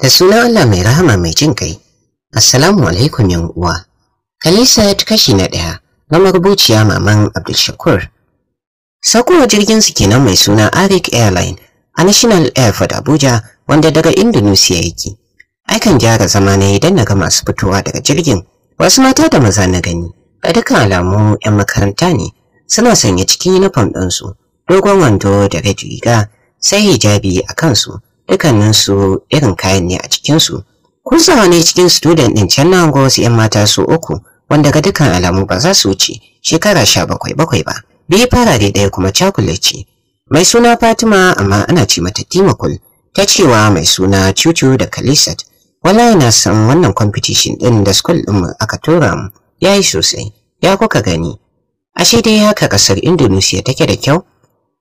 da suna Allah mai rahama mai jin kai assalamu alaikum yan uwa Kalisa ta kashi na ɗaya na marubuciya maman Abdulshakur. Shakur sakowa jirgin su kenan mai suna Arik Airline a National Airport Abuja wanda daga Indonesia yake aikan gyara zama na idan na ga masu fitowa daga jirgin wasu mata da maza na gani a dukkan alamu 'yan makaranta ne suna sanya cikin uniform ɗinsu dogon wando da red riga sai hijabi a kansu su irin kayan ne a cikinsu sa ne cikin student ɗin can na go wasu 'yan mata su uku wanda ga dukkan alamu ba za su wuce shekara sha bakwai bakwai ba biyu farare ɗaya kuma ce? mai suna fatima amma ana ce mata timakul ta cewa mai suna Chuchu da kalisat wala na san wannan competition ɗin da school ɗinmu aka tura mu ya yi sosai ya kuka gani ashe dai haka ƙasar indonesia take da kyau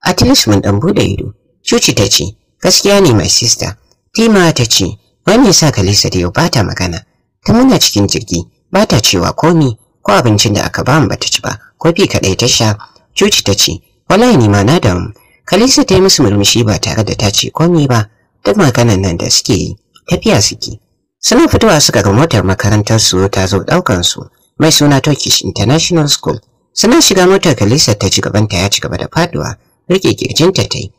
at least mun ɗan buɗe ido cuci ta ce gaskiya ne my sister tima ta ce wani sa kalisa da yau bata magana ta muna cikin jirgi bata cewa komi ko abincin da aka bamu bata ci ba kofi kadai ta sha cuci ta ce wallahi ni ma na mu. kalisa ta yi musu murmushi ba tare da ta ce komi ba duk maganan nan da suke yi tafiya suke suna fitowa suka ga motar makarantar su ta zo daukan su mai suna Turkish International School suna shiga motar kalisa ta ci gabanta ya ci gaba da faduwa rike kirjinta ta yi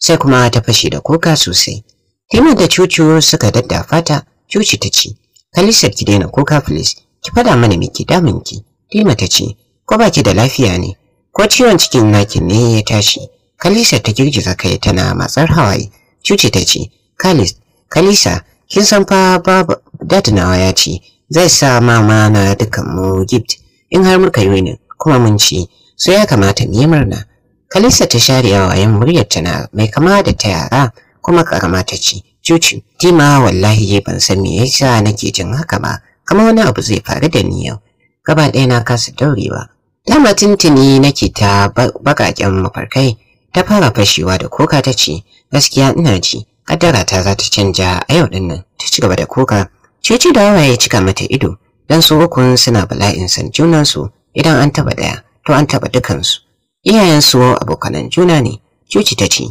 sai kuma ta fashe da kuka sosai himar da cucu suka dadda fata, cuci ta ce kalisar ki daina kuka please ki fada mana me ke damun ki Rima ta ce ko baki da lafiya ne ko ciwon cikin naki ne ya tashi Kalisa ta girgiza kai tana matsar hawaye cuci ta ce Kalis Kalisa kin san fa babu dadinawa ya ce zai sa mama na dukan mu gift in har muka yi ne kuma mun ci so ya kamata mu yi murna Kalisa ta share a wayan muryar na mai kama da ta yara kuma karama ta ce cucu tima wallahi ban san me yasa nake jin haka ba kamar wani abu zai faru da ni yau gaba ɗaya na kasa daurewa dama tuntuni nake ta bakaken mafarkai ta fara fashewa da koka ta ce gaskiya ina ji kaddara ta za ta canja a yau din nan ta ci gaba da koka cuci da hawaye cika mata ido dan su ukun suna bala'in san junansu idan an taba ɗaya, to an taba dukansu Iyayen iyayensu abokanan juna ne cuci ta ce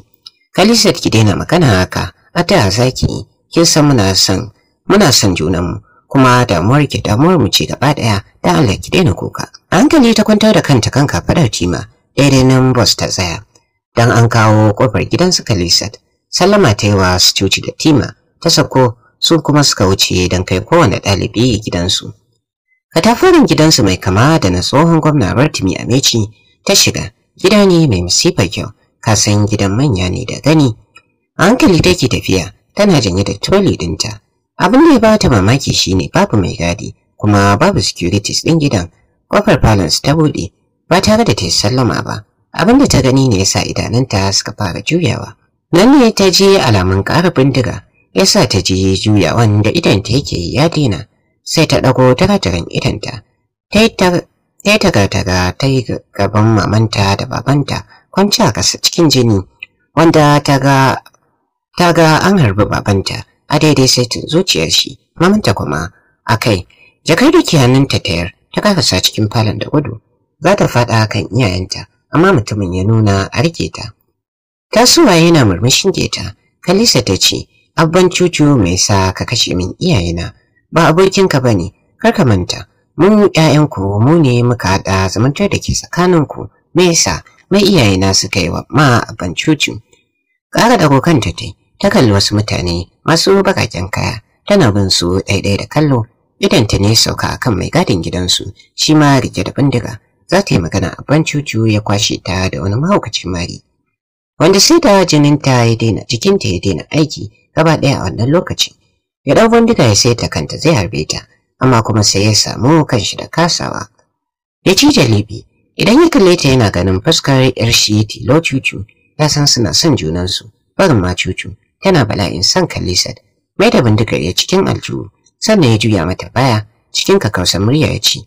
kalisat ki daina magana haka a ta zaki kin san muna son muna son junanmu kuma damuwar ki damuwar mu ce gaba daya da Allah ki daina kuka a hankali ta kwantar da kanta kan kafadar tima daidai nan bus ta tsaya dan an kawo kofar gidansu kalisat sallama ta yi wa su cuci da tima ta sako su kuma suka wuce don kai kowane ɗalibi gidansu katafarin gidansu mai kama da na tsohon gwamna Bartimi Ameci ta shiga gida ne mai masifa kyau kasan gidan manya ne da gani a hankali take tafiya tana janye da troli dinta abin da ya ba ta mamaki shine babu mai gadi kuma babu securities din gidan kofar balance ta buɗe ba tare da ta yi sallama ba abin da ta gani ne yasa idananta suka fara juyawa nan ne ta ji alamun ƙara bindiga yasa ta ji juyawan da idanta yake ya daina sai ta ɗago tarataren idanta ta yi ta yi tagartaga ta yi gaban mamanta da babanta kwanci a ƙasa cikin jini wanda ta ga an harbi babanta a daidai sai saitin zuciyar shi mamanta kuma a kai jakar da ke hannunta tayar ta kasa cikin falon da gudu za ta faɗa kan iyayenta amma mutumin ya nuna a rike ta tasuwa yana murmushin geta kalisa ta ce abban cucu mai sa ka kashe min iyayena ba abokinka bane kar ka manta mu 'ya'yanku mu ne muka haɗa zumuntar da ke tsakaninku me yasa mai iyayena suka yi wa ma ban cucu ƙara da ta ta kalli wasu mutane masu baƙaƙen kaya tana bin su ɗaiɗai da kallo idan ta ne sauka kan mai gadin gidansu shi ma rike da bindiga za ta yi magana a ban ya kwashe ta da wani mahaukacin mari wanda sai da jinin ta ya daina jikinta ya daina aiki gaba ɗaya a wannan lokaci ya ɗau bindiga ya sai ta kanta zai harbe ta amma kuma sai ya samu kanshi da kasawa ya ci jalibi, idan ya kalle ta yana ganin fuskar yar shi tilo cucu ya san suna son junansu barin ma cucu tana bala'in son sad, mai da bindigar ya cikin aljihu sannan ya juya mata baya cikin kakarsa murya ya ci.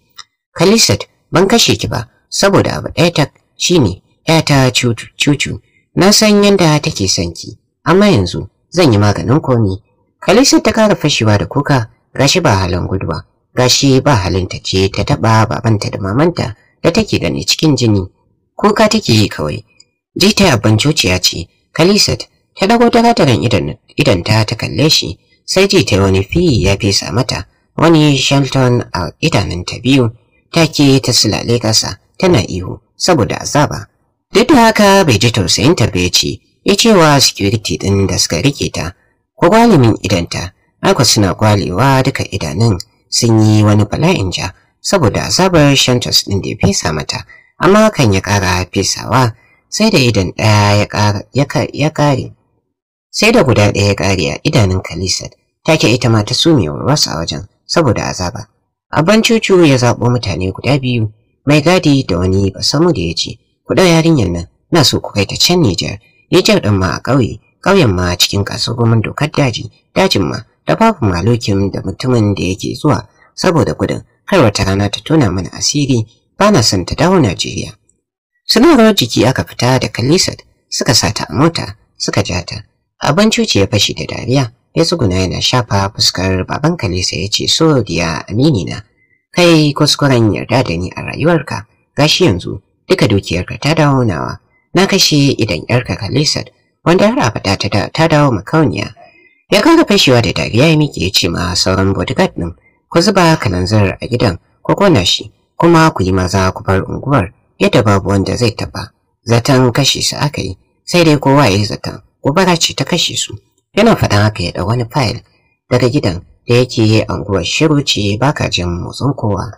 kalisat ban kashe ki ba saboda abu ɗaya ta shi 'ya ta cucu na san yadda take son ki amma yanzu zan yi maganin komi kalisat ta kara fashewa da kuka gashi ba halin gudwa gashi ba halinta ce ta taba babanta da mamanta da take gani cikin jini kuka take yi kawai ta abban cociya ce kalisat ta dago ta gatarin idan ta ta kalle shi sai ji ta wani fi ya fesa mata wani shelton a ta biyu take ta sulale kasa tana ihu saboda azaba duk da haka bai ji tausayin ta bai ce ya cewa security din da suka rike ta ko idan ta Aiko suna kwalewa duka idanun sun yi wani bala'in ja saboda azabar shantos ɗin da ya fesa mata, amma hakan ya ƙara fesawa sai da idan ɗaya ya ƙare. Sai da guda ɗaya ya ƙare a idanun ta take ita ma ta sume wasu a wajen saboda azaba. Abban cucu ya zaɓo mutane guda biyu, mai gadi da wani ba samu da ya ce, ku ɗau yarinyar nan, na so ku kai ta can Nijar, Nijar ɗin ma a ƙauye, ƙauyen ma cikin kasuwannin dokar daji, dajin ma da babu malukin da mutumin da yake zuwa saboda gudun kai wata rana ta tona mana asiri ba na son ta dawo Najeriya. Sanarwar jiki aka fita da Kalisat suka sa ta a mota suka jata. ta. Abin cuci ya fashi da dariya ya tsuguna yana shafa fuskar baban Kalisa ya ce so diya na kai kuskuren yarda da ni a rayuwarka gashi yanzu duka dukiyarka ta dawo nawa na kashe idan yarka Kalisat wanda har abada ta dawo makauniya ya kara fashewa da dariya ya miƙe ya ce ma sauran bodyguard ɗin ku zuba zarar a gidan ko kona shi kuma ku yi maza ku bar unguwar yadda babu wanda zai taɓa zaton kashe su aka yi sai dai kowa ya yi zaton gobara ce ta kashe su yana faɗan haka ya ɗau wani fayil daga gidan da yake anguwar shiru ce baka jin motsin kowa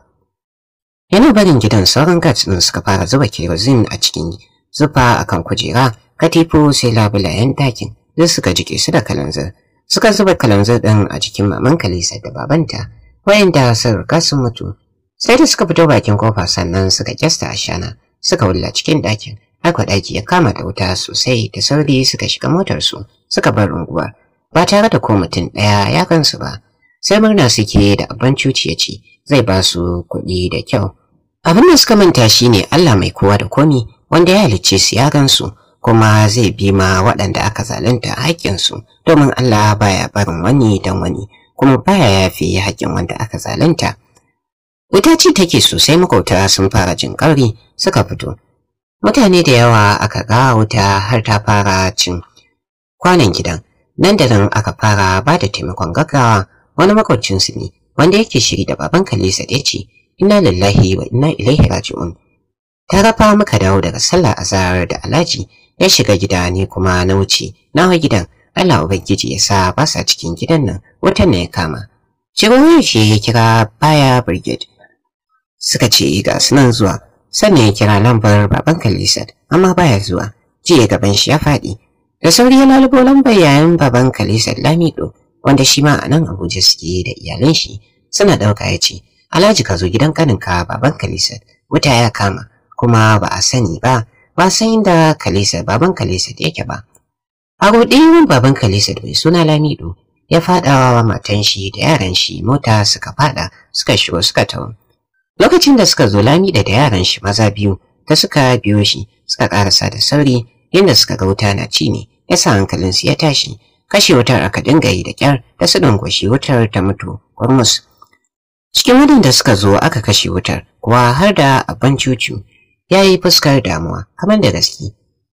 yana barin gidan sauran guards ɗin suka fara zuba kerosene a cikin zufa akan kujera katifu sai labulayen ɗakin duk suka jike su da kalanzir suka zuba kalanzir ɗin a jikin maman Kalisa da babanta wayanda sun riga sun mutu sai da suka fito bakin kofa sannan suka kyasta ashana suka wulla cikin ɗakin haka ɗaki ya kama da wuta sosai da sauri suka shiga motarsu suka bar unguwa, ba tare da ko mutum ɗaya ya gansu ba sai murna suke da abin cuci ya zai ba su kuɗi da kyau abin da suka manta shine Allah mai kowa da komi wanda ya halicce su ya gansu kuma zai bi ma waɗanda aka zalunta haƙƙinsu domin Allah baya barin wani dan wani kuma baya yafi haƙƙin wanda aka zalunta wuta take sosai makauta sun fara jin ƙauri suka fito mutane da yawa aka ga wuta har ta fara cin kwanan gidan nan da nan aka fara ba da taimakon gaggawa wani makwabcinsu ne wanda yake shiri da baban Kalisa da ce inna lillahi wa inna ilaihi raji'un ta rafa muka dawo daga sallah azahar da alhaji ya shiga gida ne kuma na wuce nawa gidan Allah ubangiji ya sa ba sa cikin gidan nan wata ne ya kama wani shi ya kira baya brigade suka ce ga sunan zuwa sannan ya kira lambar baban kalisat amma baya zuwa ji ya gaban shi ya faɗi da sauri ya lalubo lambar yayin baban kalisat lamido wanda shi ma a nan abuja suke da iyalan shi suna ɗauka ya ce alhaji ka zo gidan kaninka baban kalisat wuta ya kama kuma ba a sani ba ba san inda Kalisa baban Kalisa yake ba a ruɗe baban Kalisa mai suna Lamido ya faɗawa wa matan shi da yaran shi mota suka faɗa suka shigo suka tawo lokacin da suka zo Lamido da yaran shi maza biyu ta suka biyo shi suka karasa da sauri yadda suka ga wuta na ci ne ya sa hankalinsu ya tashi kashe wutar aka dinga yi da kyar da su dangwashi wutar ta mutu kurmus cikin waɗanda suka zo aka kashe wutar kuwa har da abin cucu ya yi fuskar damuwa kamar da gaske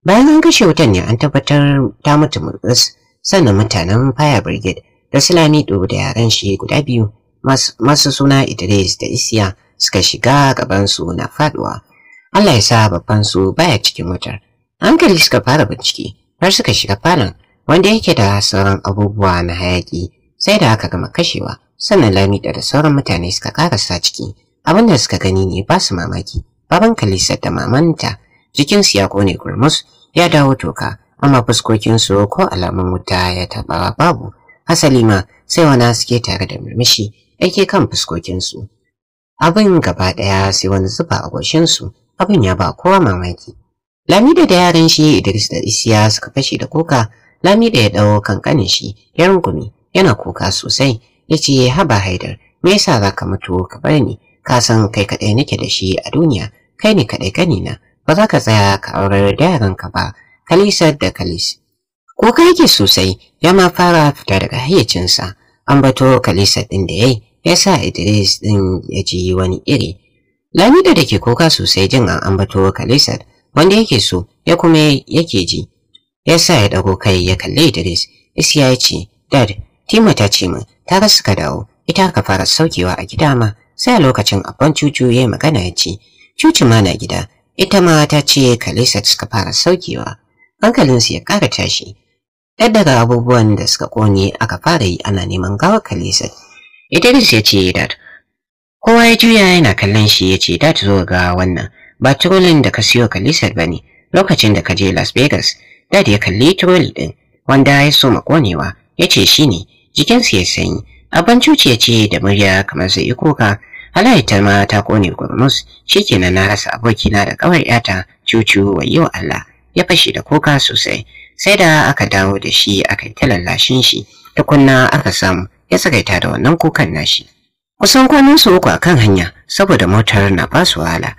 bayan an kashe wutan ne an tabbatar ta mutu murgus sannan mutanen fire brigade da silamido da yaren shi guda biyu masu suna idris da isiya suka shiga gabansu na faduwa allah ya sa babban su baya cikin wutar hankali suka fara bincike har suka shiga falon wanda yake da sauran abubuwa na hayaki sai da aka gama kashewa sannan lami da sauran mutane suka karasa ciki abinda suka gani ne ba su mamaki baban Kalisa da mamanta jikinsu ya kone gurmus ya dawo toka amma fuskokinsu ko alamun wuta ya taɓa babu asali ma sai wani suke tare da murmushi yake kan fuskokinsu abin gaba ɗaya sai wani zuba a goshinsu abin ya ba kowa mamaki Lamida da yaran shi Idris da Isiya suka fashe da kuka Lamida ya dawo kankanin shi ya rungume yana kuka sosai yace haba Haidar me yasa zaka mutu ka bar ni ka san kai kaɗai nake da shi a duniya kai ne kaɗai na ba za ka tsaya ka aurar da yaranka ba kalisa da kalis ko ka yake sosai ya ma fara fita daga hayyacinsa an bato kalisa ɗin da yayi ya sa idris ɗin ya ji wani iri lamida da ke kuka sosai jin an ambato kalisa wanda yake so ya kuma yake ji ya sa ya ɗago kai ya kalli idris isiya ya ce dad tima ta ce min ta rasa ka dawo ita ka fara saukewa a gida ma sai a lokacin abban cucu ya yi magana ya ce Cuci ma na gida, ita ma ta ce Kalisat suka fara saukewa, hankalinsu ya ƙara tashi. Ɗan daga abubuwan da suka kone aka fara yi ana neman gawar Kalisat. Idris ya ce Dad, kowa ya juya yana kallon shi ya ce Dad zo ga wannan, ba trolin da ka siyo Kalisat ba ne lokacin da ka je Las Vegas. Dad ya kalli trol ɗin, wanda ya so ƙonewa, ya ce shi ne, Jikinsu ya sanyi. Abban cuci ya ce da murya kamar zai yi kuka, Halaye ma ta kone gurmus shikenan na rasa abokina da kawar yata cucu wayo Allah ya fashe da kuka sosai sai da aka dawo da shi aka yi talallashin shi tukunna aka samu ya sakaita da wannan kukan nashi kusan kwanan su uku akan hanya saboda motar na ba su wahala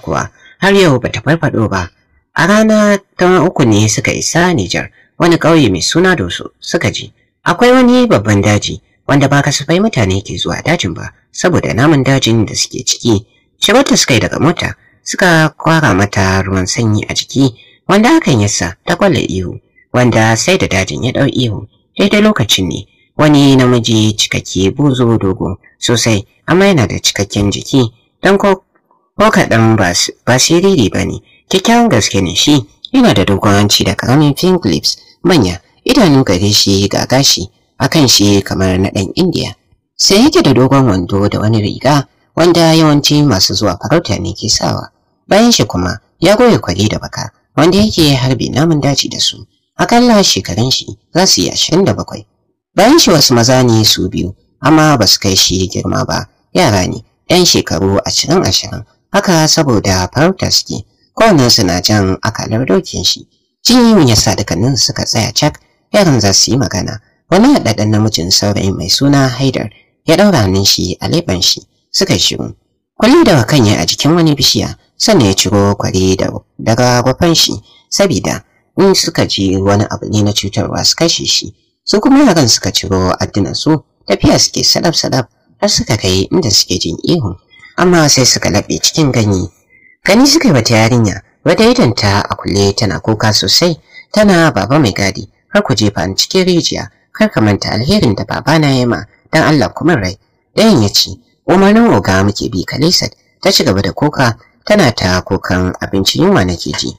kuwa har yau bata farfado ba a rana ta uku ne suka isa Nijar wani ƙauye mai suna Doso suka ji. akwai wani babban daji wanda ba kasafai mutane ke zuwa dajin ba saboda naman dajin da suke ciki shigarta suka yi daga mota suka kwara mata ruwan sanyi a jiki wanda hakan yasa ta kwalla ihu wanda sai da dajin ya ɗau ihu daidai lokacin ne wani namiji cikakke bozo dogo sosai amma yana da cikakken jiki Don ko kaɗan ba siriri ba ne kyakkyawan gaske ne shi yana da dogon da ƙaramin pink manya idanu gare shi ga gashi akan shi kamar na ɗan indiya sai yake da dogon wando da wani riga wanda yawanci masu zuwa farauta ne ke sawa bayan shi kuma ya goye kwari da baka wanda yake harbi namun daji da su akalla shekarun shi za su yi ashirin da bakwai bayan shi wasu maza ne su biyu amma ba su kai shi girma ba yara ne yan shekaru ashirin ashirin haka saboda farauta suke kowane suna jan akalar dokin shi jin ya sa dukkanin suka tsaya cak yaran za su yi magana wani haɗaɗɗen namijin saurayin mai suna haidar ya daura hannun shi a leban shi suka shiru Kulli da kan ya a jikin wani bishiya sannan ya ciro kwari da daga gwafan shi sabida in suka ji wani abu ne na cutarwa su kashe shi su kuma yaran suka ciro addinan su tafiya suke sadab sadab har suka kai inda suke jin ihu amma sai suka laɓe cikin ganye gani suka yi wata yarinya wata idanta a kulle tana kuka sosai tana baba mai gadi har ku jefa ni cikin rijiya kar ka manta alherin da baba na ma. dan Allah kuma rai Dayan ya ce umarnin oga muke bi kalisat ta ci gaba da koka tana ta kokan abincin yunwa nake ji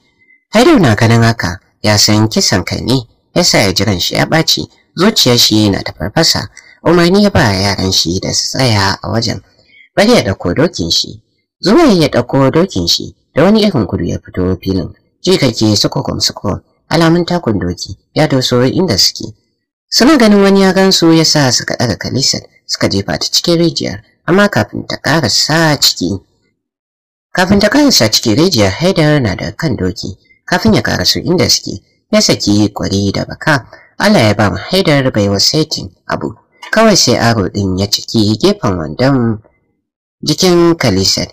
Har yau na ganin haka ya san kisan kai ne yasa ya jiran shi ya ɓaci zuciyar shi na ta farfasa umarni ya ba yaran shi da su tsaya a wajen bari ya ɗauko dokin shi zuwa ya ɗauko dokin shi da wani irin gudu ya fito filin ji kake suko suko alamun takun doki ya doso inda suke suna ganin wani ya gansu ya sa suka ɗaga kalisar suka jefa ta cikin rijiyar amma kafin ta sa ciki kafin ta sa ciki rijiyar haidar na da kan doki kafin ya su inda suke ya saki kwari da baka Allah ya ba mu haidar baiwa saitin abu kawai sai aro ɗin ya ciki gefen wandon jikin kalisar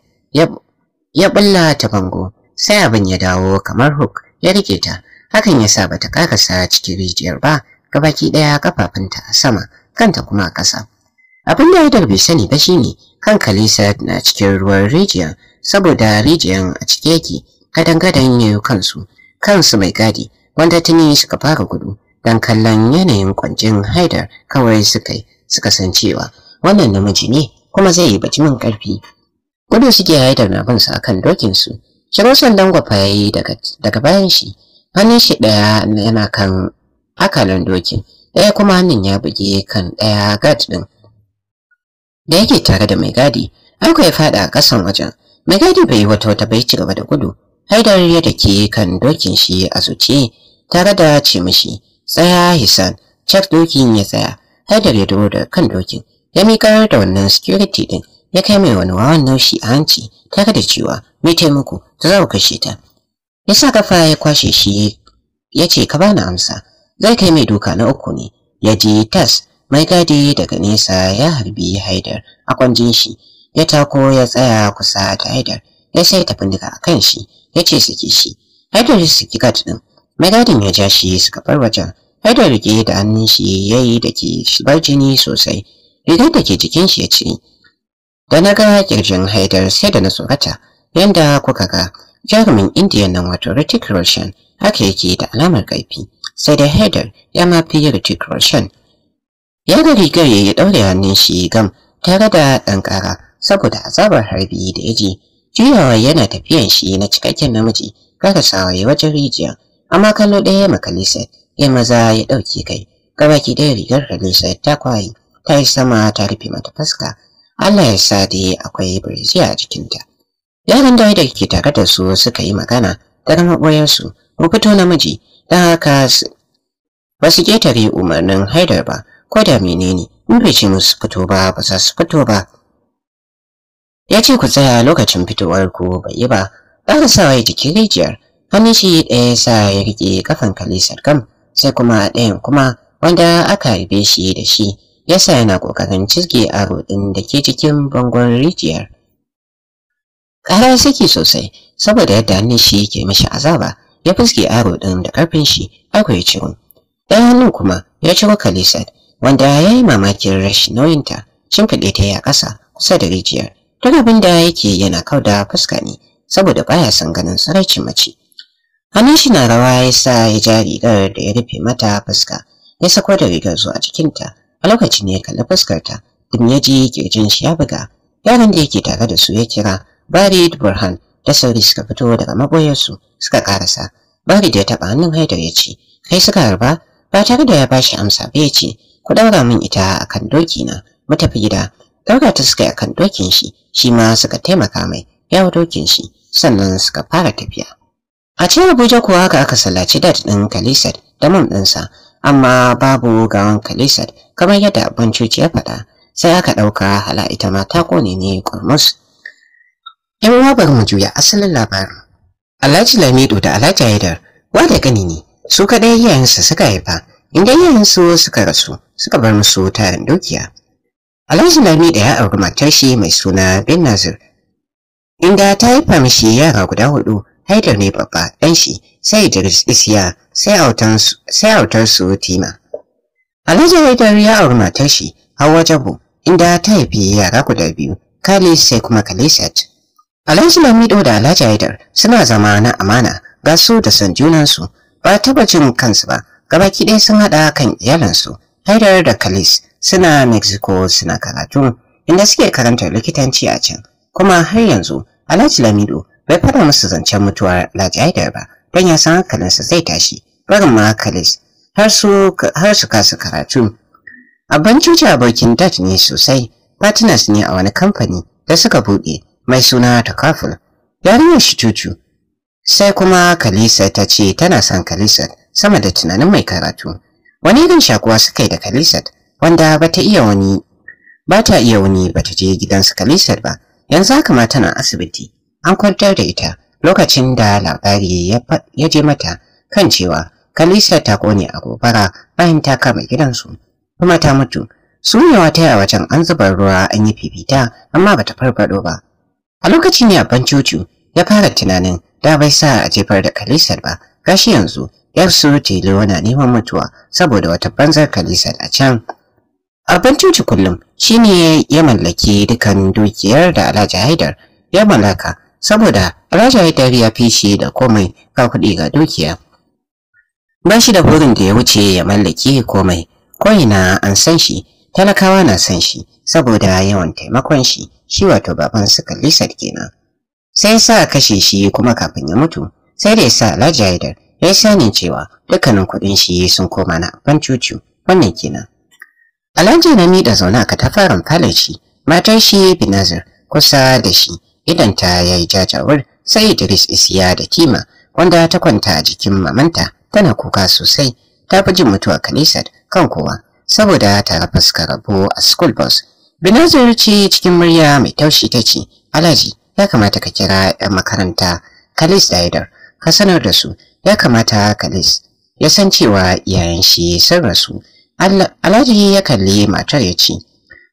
ya bulla ta bango sai abin ya dawo kamar hook ya rike ta hakan ya sa ƙara sa cikin rijiyar ba gabaki daya kafafunta sama kanta kuma a ƙasa abin da Haidar bai sani ba shine kan Kalisa na cikin ruwan rijiya saboda rijiyan a cike yake gadan-gadan ne kansu kansu mai gadi wanda tuni suka fara gudu dan kallon yanayin kwancin Haidar kawai suka suka san cewa wannan namiji ne kuma zai yi bacin karfi gudu suke Haidar na bin sa kan dokin su shirin sandan gwafa yayi daga daga bayan shi hannun shi daya yana kan akalan doki ɗaya kuma hannun ya buge kan ɗaya gad ɗin da yake tare da mai gadi an ya faɗa a kasan wajen mai gadi bai yi wata wata bai ci gaba da gudu haidar ya da ke kan dokin shi a zuciye tare da ce mishi tsaya hisan cak dokin ya tsaya haidar ya duro da kan dokin ya miƙar da wannan security ɗin ya kai mai wani wawan naushi a hanci tare da cewa mai taimako ta za kashe ta ya sa kafa ya kwashe shi ya ce ka bani amsa zai kai mai duka na uku ne ya je tas mai gadi daga nesa ya harbi haidar a kwanjin shi ya tako ya tsaya kusa da haidar ya sai ta bindiga a kan shi ya ce saki shi haidar ya saki gat din mai gadin ya ja shi suka bar wajen haidar rike da hannun shi ya yi da ke shibar jini sosai rigar da ke jikin shi ya ce da na ga kirjin haidar sai da na tsorata yanda kuka ga jarumin indiya nan wato Ritik Roshan haka yake da alamar kaifi sai da Haidar ya mafi fi yarje Ya ga rigar ya daure hannun shi gam tare da ɗan ƙara saboda azabar harbi da ya ji. Juyawa yana tafiyan shi na cikakken namiji karasawa ya wajen rijiya amma kallo ɗaya ya makali sai ya maza ya ɗauke kai. Gabaki ɗaya rigar Halisa ta kwaye ta yi sama ta rufe mata fuska. Allah ya sa dai akwai birziya a jikinta. Yaran da ke tare da su suka yi magana daga maɓoyarsu, mu fito namiji Da haka ba su ƙetare umarnin haidar ba ko da menene in bai ce musu fito ba ba za su fito ba ya ce ku tsaya lokacin fitowar ku bai yi ba ɗan sawa ya jiki rijiyar hannun shi ɗaya sa ya riƙe kafan kalisar kam sai kuma ɗayan kuma wanda aka harbe shi da shi ya sa yana ƙoƙarin cizge aro ɗin da ke cikin bangon rijiyar ƙara saki sosai saboda yadda hannun shi ke mashi azaba ya fuske aro ɗin da ƙarfin shi akwai ciwon. ciro ɗan hannun kuma ya ciro kalisat wanda ya yi mamakin rashin nauyinta shimfiɗe ta yi a ƙasa kusa da rijiyar duk abin da yake yana kauda fuska ne saboda baya son ganin sarauci mace hannun shi na rawa ya sa ya ja rigar da ya rufe mata fuska ya sako da rigar zuwa cikinta a lokacin ya kalli fuskarta din ya ji kirjin shi ya buga yaron da yake tare da su ya kira Barid Burhan da sauri suka fito daga maboyarsu suka karasa bari da ya taba hannun haidar ya ce kai suka harba ba tare da ya bashi amsa ba ya ce ku daura min ita akan doki na mu tafi gida daura ta suka yi akan dokin shi shi ma suka taimaka mai ya dokin shi sannan suka fara tafiya a cikin abuja kuwa haka aka sallaci dad ɗin kalisat da mum ɗinsa amma babu gawan kalisat kamar yadda abincin ya faɗa sai aka ɗauka hala ita ma ta kone ne kurmus Yan uwa bari mu juya asalin labarin. Alhaji Lamido da Alhaji Haidar wada gani ne su kaɗai iyayensu suka haifa inda iyayensu suka rasu suka bar musu tarin dukiya. Alhaji Lamido ya auri matar shi mai suna Bin Nazir inda ta haifa mishi yara guda hudu Haidar ne babba ɗan shi sai Idris Isiya sai autar su Tima. Alhaji Haidar ya auri matar shi Hawwa Jabu inda ta haifi yara guda biyu Khalid sai kuma Kalisat. Alhaji Lamido da Alhaji Haidar suna zama na amana ga su da san junansu ba taba jin kansu ba gabaki ɗaya sun haɗa kan iyalansu Haidar da Kalis suna Mexico suna karatu inda suke karantar likitanci a can kuma har yanzu Alhaji Lamido bai fara musu zancen mutuwar Alhaji Haidar ba don ya san hankalinsa zai tashi barin ma Kalis har su har su kasu karatu Abban cuci abokin ne sosai partners ne a wani kamfani da suka buɗe mai suna ta takaful yarinyar shi cucu sai kuma kalisa ta ce tana son kalisat sama da tunanin mai karatu wani irin shakuwa suka yi da kalisat wanda bata iya wani ba ta iya wani bata je gidansu kalisat ba yanzu haka ma tana asibiti an kwantar da ita lokacin da labari ya je mata kan cewa kalisa ta kone a gobara bayan ta kama gidansu kuma ta mutu sunewa ta a wajen an zuba ruwa an yi fifita amma bata farfado ba a lokacin ne abban ya fara tunanin da bai sa a jefar da kalisar ba gashi yanzu yar surutu na neman mutuwa saboda wata banzar kalisar a can Abin bancocu kullum shine ya mallaki dukan dukiyar da alhaji haidar ya mallaka saboda alhaji haidar ya fi shi da komai ka kuɗi ga dukiya ba shi da burin da ya wuce ya mallaki komai ko ina an san shi talakawa na san shi saboda yawan taimakon shi shi wato baban su kallisar kenan sai sa kashe shi kuma kafin ya mutu sai da ya sa alhaji haidar ya sanin cewa dukkanin kuɗin shi sun koma na ban cucu wannan kenan alhaji na Zauna zaune a katafaren falaci matar shi binazir kusa da shi idan ta yayi jajawar sai idris isiya da kima wanda ta kwanta a jikin mamanta tana kuka sosai ta fi jin mutuwa kanisar kan kowa saboda tara fuskar rabo a school bus bina zurci cikin murya mai taushi ta ce alhaji ya kamata ka kira 'yan makaranta kalis da haidar ka sanar da su ya kamata kalis ya san cewa iyayen shi sun rasu alhaji ya kalli matar ya ce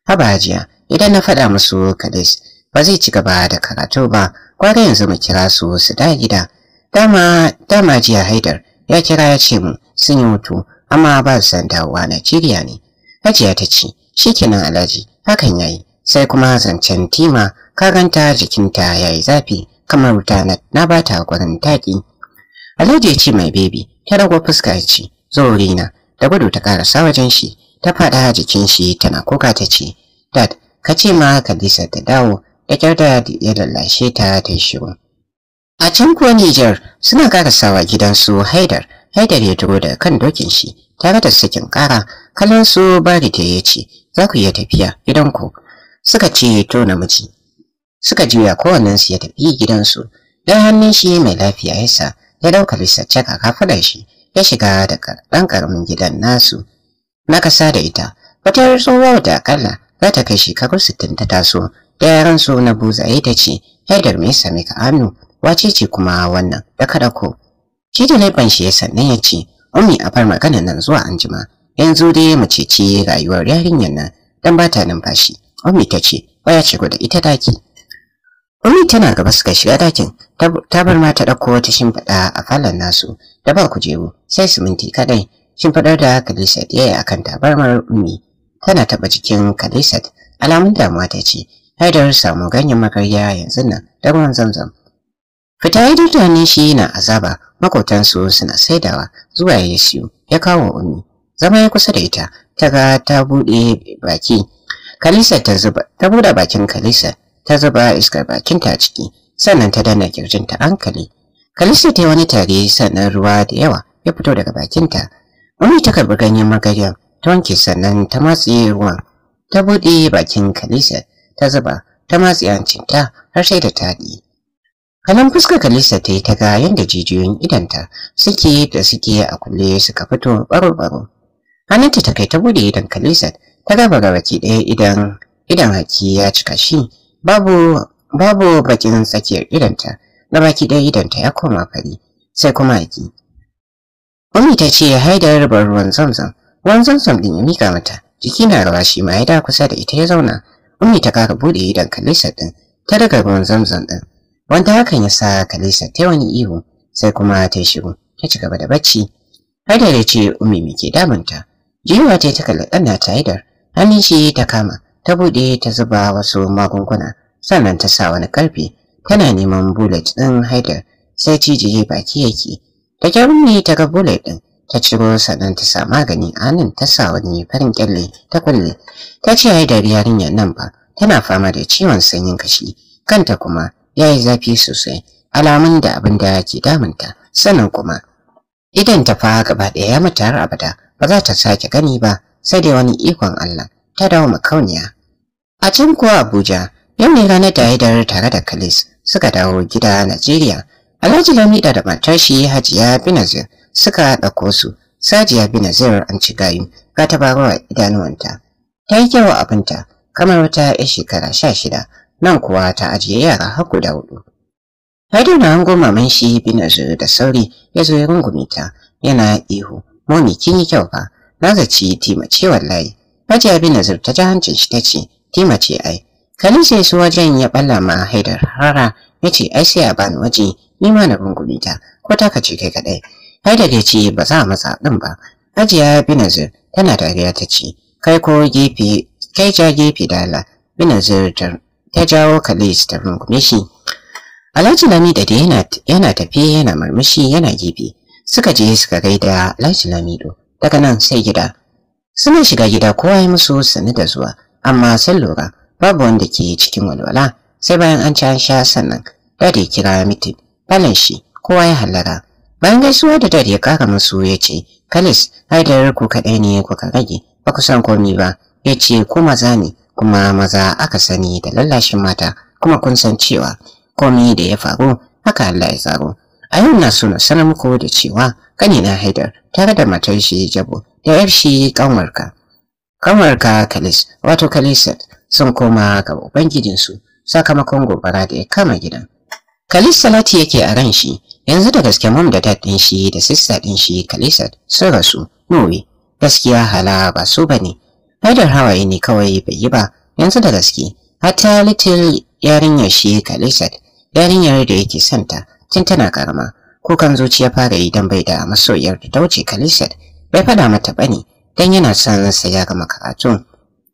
haba hajiya idan na faɗa musu kalis ba zai ci gaba da karatu ba kwarai yanzu mu kira su su da gida dama dama jiya haidar ya kira ya ce mu sun yi mutu amma ba su san dawowa Najeriya ne Hajiya ta ce shikenan Alhaji hakan yayi sai kuma zancen Tima karanta jikinta yayi zafi kamar wuta na ba ta gurin taki Alhaji ya ce mai bebi ta rago fuska ce zori na da gudu ta karasa wajen shi ta faɗa jikin shi tana kuka ta ce dad ka ce ma lisa ta dawo da kyar da ya lallashe ta ta shiru a can kuwa Niger suna karasawa gidansu Haidar Haidar ya turo da kan dokin shi tare da sakin kara kallon su bari ta ya ce za ku iya tafiya gidanku suka ce to namiji suka juya su ya tafi gidansu Dan hannun shi mai lafiya yasa ya ɗauka bisa caka kafunan shi ya shiga da ɗan karamin gidan nasu na kasa da ita wata tsohuwar da akalla za ta kai shekaru sittin ta taso da yaran su na buzaye ta ce haidar me same ka hannu wace ce kuma wannan da kada ko shi da laifin shi ya sannan ya ce ummi a far magana nan zuwa anjima yanzu dai mace ce rayuwar yarinyar nan dan bata numfashi ummi ta ce waya ce da ita daki ummi tana gaba suka shiga dakin ta bar ma ta dauko wata shimfiɗa a falon nasu da ba kujeru sai siminti kadai shimfiɗar da kaliset ya yi akan tabarmar ummi tana taba jikin kaliset, alamun damuwa ta ce Haidar samu ganyen magarya yanzu nan da ruwan zamzam fita ya ne shi na azaba makotansu suna saidawa zuwa ya siyo ya kawo ummi zama ya kusa da ita ta ga ta buɗe baki kalisa ta zuba ta buɗe bakin kalisa ta zuba iskar bakinta a ciki sannan ta danna ta hankali kalisa ta wani tare sannan ruwa da yawa ya fito daga bakinta Wani ta karbi ganyen magarya ta wanke sannan ta matsi ruwan ta buɗe bakin kalisa ta zuba ta matse hancinta har sai da ta Kalan fuskar Kalista ta yi ta ga yadda jijiyoyin idanta suke da suke a kulle suka fito baro-baro. Hannunta ta kai ta bude idan Kalista ta gaba ga baki ɗaya idan idan haki ya cika shi babu babu bakin tsakiyar idanta na baki ɗaya idanta ya koma fari sai kuma haki. Wani ta ce haidar bar ruwan zamzam ruwan zamzam ɗin ya miƙa mata jiki na rawa shi ma ya da kusa da ita ya zauna. Ummi ta kara bude idan Kalista ɗin ta daga ruwan zamzam ɗin. wanda hakan ya sa Kalisa ta wani ihu sai kuma ta shiru, ta ci gaba da bacci har da ce umi me ke damunta jiwa ta ta kalli ɗan ta haidar hannun shi ta kama ta buɗe ta zuba wasu magunguna sannan ta sa wani karfe tana neman bullet ɗin haidar sai cijiye baki yake ta kyar umi ta ga bullet ɗin ta ciro sannan ta sa magani a nan ta sa wani farin kyalle ta kulle ta ce haidar yarinyar nan ba tana fama da ciwon sanyin kashi kanta kuma ya yi zafi sosai alamun da abin da ke damunta sannan kuma idan ta fa gaba ɗaya ya mata har abada ba za ta sake gani ba sai dai wani ikon Allah ta dawo makauniya a can kuwa Abuja yau ne ranar da Haidar tare da Kalis suka dawo gida a Najeriya Alhaji Lamida da matar shi Hajiya Binazir suka ɗauko su Sajiya Binazir an ci gayu ga tabarwa idanuwanta ta yi kyau abinta kamar wata 'yar shekara sha shida nan kuwa ta ajiye yara har da hudu. Haidu na hango maman shi Binazu da sauri ya zo ya rungume ta yana ihu, "Momi kin yi kyau fa, na zaci Tima ce wallahi." Hajiya Binazu ta ji hancin shi ta ce, "Tima ai." Kalin sai su wajen ya balla ma Haidar rara ya ce, "Ai sai a bani waje, ni ma na rungume ta, ko ta kace kai kadai." Haidar ya ce, "Ba za a matsa din ba." Hajiya Binazu tana dariya ta ce, "Kai ko gefe, kai ja gefe dala." ta. ya jawo Khalis ta rungume shi. Alhaji Lami da yana yana tafe yana murmushi yana gefe. Suka je suka gaida Alhaji Lamido. Daga nan sai gida. Suna shiga gida kowa ya musu sani da zuwa, amma sun lura babu wanda ke cikin walwala sai bayan an ci an sha sannan dadi ya kira mitin. Balan shi kowa ya hallara. Bayan gaisuwa da dadi ya kara musu ya ce, kalis haidar ku kaɗai ne kuka rage, ba ku san komi ba, ya ce ku maza ne kuma maza aka sani da lallashin mata kuma kun san cewa komai da ya faru haka Allah ya tsaro a yau na so na sanar muku da cewa 'Kani na Haidar tare da matar shi Jabo da yar shi kanwarka kanwarka Kalis wato Kalisat sun koma ga ubangijinsu sakamakon gobara da ya kama gidan Kalis Salati yake a ran shi yanzu da gaske mom da dad shi da sister din shi Kalisat sun rasu Nowe gaskiya hala ba su bane hadar hawaye ne kawai bai yi ba, yanzu da gaske, hatta little yarinyar shi Khalisat, yarinyar da yake santa tun tana karama, kukan zuciya fara yi dan bai da masoyar da ta wuce Khalisat, bai faɗa mata bane dan yana son sa ya gama karatu.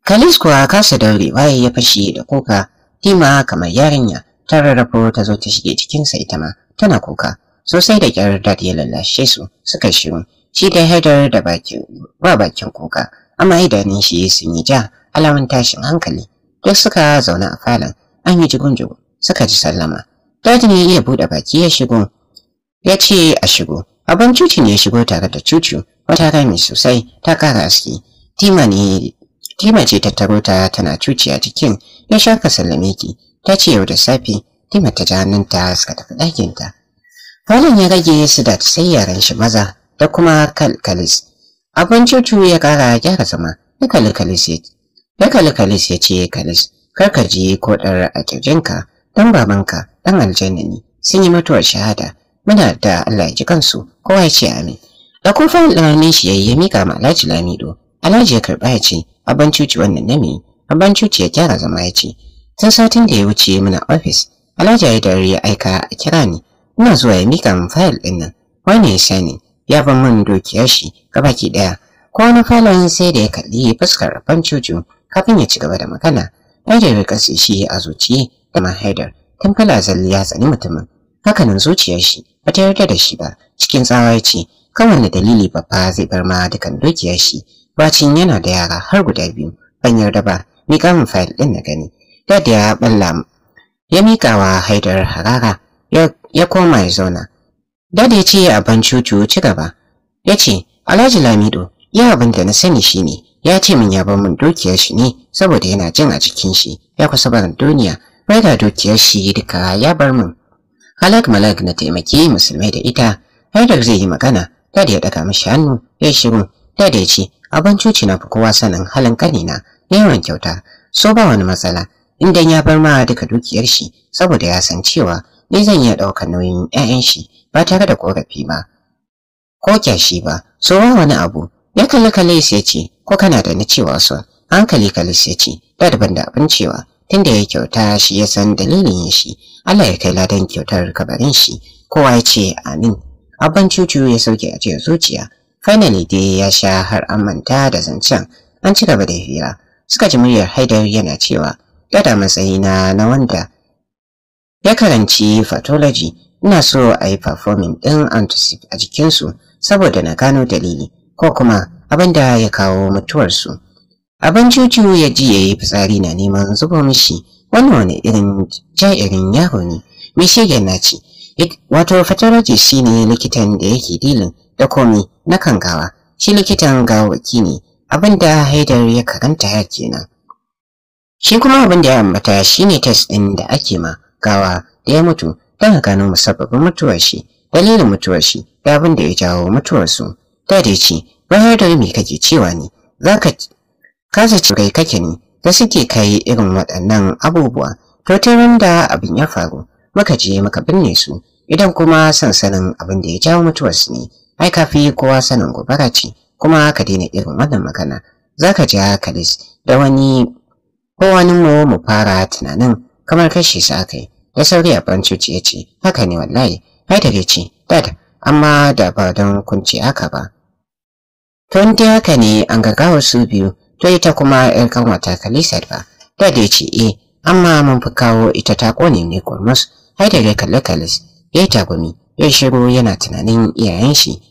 Khalis kuwa kasa daure waye ya fashi da kuka, Tima kamar yarinya ta rarrafo ta zo ta shige cikin sa ita ma tana kuka. Sosai da kyar dad ya lallashe su suka shiru, shi da Haidar da bakin ba bakin kuka. amma idanun shi sun yi ja alamun tashin hankali duk suka zauna a falon an yi jigun suka ji sallama Dadi ne iya buɗe baki ya shigo ya ce a shigo abin cuci ne ya shigo tare da cucu wata rami sosai ta kara aski tima ce ta taro ta tana cuci a jikin ya shaka sallame ki ta ce yau da safe tima ta ji hannunta suka tafi ɗakinta falon ya rage su da sai yaran shi maza da kuma kalkalis Abin cucu ya ƙara gyara zama, duka likalis ya Duka likalis ya ce kalis, kar ka ji ko ɗar a ƙirjinka, ɗan babanka, ɗan aljanna ne, sun yi mutuwar shahada, muna da Allah ya ji kansu, kowa ya ce amin. Da kofar lamarin shi ya yi ya miƙa ma Alhaji Lamido, Alhaji ya karɓa ya ce, abin cuci wannan na me, abin cuci ya gyara zama ya ce, tun satin da ya wuce muna ofis, Alhaji ya yi dare ya aika a kira ni, ina zuwa ya miƙa min fayil ɗin nan, wani ya ya ban min dokiyar shi gabaki daya ko wani falayin sai da ya kalli fuskar ban cucu kafin ya ci gaba da magana ɗan jarir kasi shi a zuci da mahaidar tamfala zalli ya tsani mutumin hakanan zuciyar shi ba ta yarda da shi ba cikin tsawa ya ce kowane dalili babba zai bar ma dukan dukiyar shi bacin yana da yara har guda biyu ban yarda ba ni kamun fayil ɗin na gani da da ya balla ya mikawa haidar harara ya koma ya zauna Dadi ya ce abin cucu ci gaba. Ya ce, Alhaji Lamido, ya abin da na sani shi ne, ya ce min ya bar min dukiyar shi ne saboda yana jin a cikin shi, ya kusa barin duniya, bai da dukiyar shi duka ya bar mun. Halak malak na taimaki musulmai da ita, Haidar zai yi magana, Dadi ya daga mishi hannu, ya yi shiru, Dadi ya ce, abin cuci na fi kowa sanin halin kanina, yawan kyauta, so ba wani matsala, in dan ya bar ma duka dukiyar shi saboda ya san cewa ni zan iya ɗaukar nauyin 'ya'yan shi ba tare da korafi ba ko kyashi ba so wani abu ya kalli kalis ya ce ko kana da na cewa so hankali kalis ya ce da daban da abin cewa tunda ya kyauta shi ya san dalilin shi Allah ya kai ladan kyautar kabarin shi kowa ya ce amin abban cucu ya sauke a cikin zuciya finally dai ya sha har an manta da zancen an ci gaba da hira suka ji muryar haidar yana cewa da matsayina na wanda ya karanci pathology ina so a yi performing ɗin antisip a jikinsu saboda na gano dalili ko kuma abin da ya kawo mutuwarsu. Abin cucu ya ji ya yi fitsari na neman zuba mishi wannan wani irin irin yaro ne mai shege na ci. Wato fataraji shine likitan da yake dilin da komi na gawa. shi likitan gawaki ne abin da haidar ya karanta ya kenan. Shi kuma abin da ya ambata shi ne test ɗin da ake ma gawa da ya mutu ka gano musabbabin mutuwar shi dalilin mutuwar shi da abin da ya jawo mutuwar su ta da ce bayar da me kake cewa ne zaka kasa ce kai kake ne da suke kai irin waɗannan abubuwa to ta da abin ya faru muka je muka binne su idan kuma sansanin abin da ya jawo mutuwar su ne ai kafi kowa sanin gobara ce kuma ka daina irin wannan magana zaka ja kalis da wani ko wani mu fara tunanin kamar kashe su aka ya sauri a ce ya ce haka ne wallahi haidar ya ce dad amma da ba don kunci haka ba tun da dai haka ne an gagawar su biyu to ita kuma yar kanwata kalisar ba dad ya ce eh amma mun fi kawo ita ta kone ne kurmus haidar ya kalli kalis ya yi tagumi ya shiru yana tunanin iyayen shi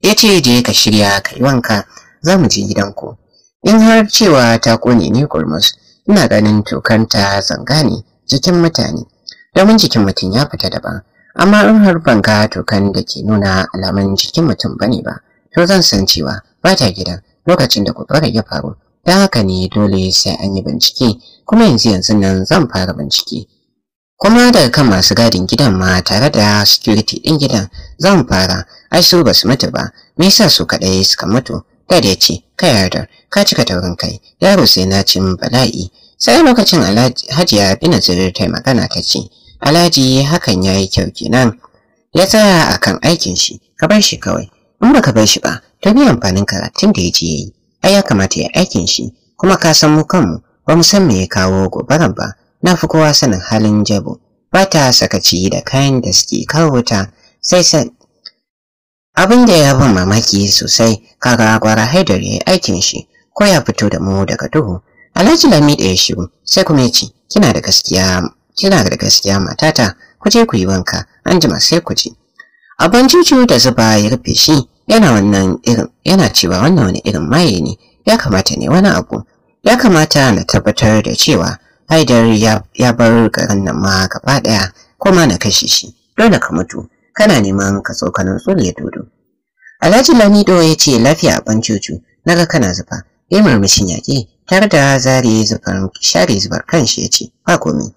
ya ce je ka shirya ka yi wanka za mu je gidanku in har cewa ta kone ne kurmus ina ganin tokanta zanga ne jikin mutane domin jikin mutum ya fita daban amma in har ban ga tokan da ke nuna alaman jikin mutum bane ba to zan san cewa ba ta gidan lokacin da kuɓarar ya faru ta haka ne dole sai an yi bincike kuma yanzu yanzu nan zan fara bincike kuma daga kan masu gadin gidan ma tare da security ɗin gidan zan fara ai su ba su mutu ba me yasa su kaɗai suka mutu Dada da ce kai yarda ka cika taurin kai yaro sai na cin bala'i sai lokacin hajiya binazir ta magana ta ce Alhaji hakan yayi kyau kenan. Ya tsaya akan aikin shi, ka bar shi kawai. In baka bar shi ba, to bi amfanin karatun da ya yayi yi. Ai ya kamata ya aikin shi, kuma ka san mu kanmu ba mu san me ya kawo gobaran ba. Na fi kowa sanin halin jabo. Ba ta saka sakaci da kayan da suke kawo ta sai san Abin da ya ban mamaki sosai kaga gwara Haidar yayi aikin shi ko ya fito da mu daga duhu. Alhaji Lami da ya shigo sai kuma ya ce kina da gaskiya kina da gaskiya matata ku je ku yi wanka an jima sai ku ji abin jijiyo da zuba ya rufe shi yana wannan irin yana cewa wannan wani irin maye ne ya kamata ne wani abu ya kamata na tabbatar da cewa haidar ya bar garin nan ma gaba daya kuma na kashe shi dole ka mutu kana neman ka nutsu ya dodo alhaji lamido ya ce lafiya ban cucu ga kana zuba. ya murmushin yaƙi tare da zare zubar share zubar kanshi ya ce ba komai.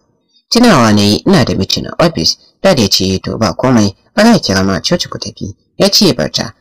tunawa na yi ina da mitin na ofis da da ya ce to ba komai ba za kira ma coci ku tafi ya ce barta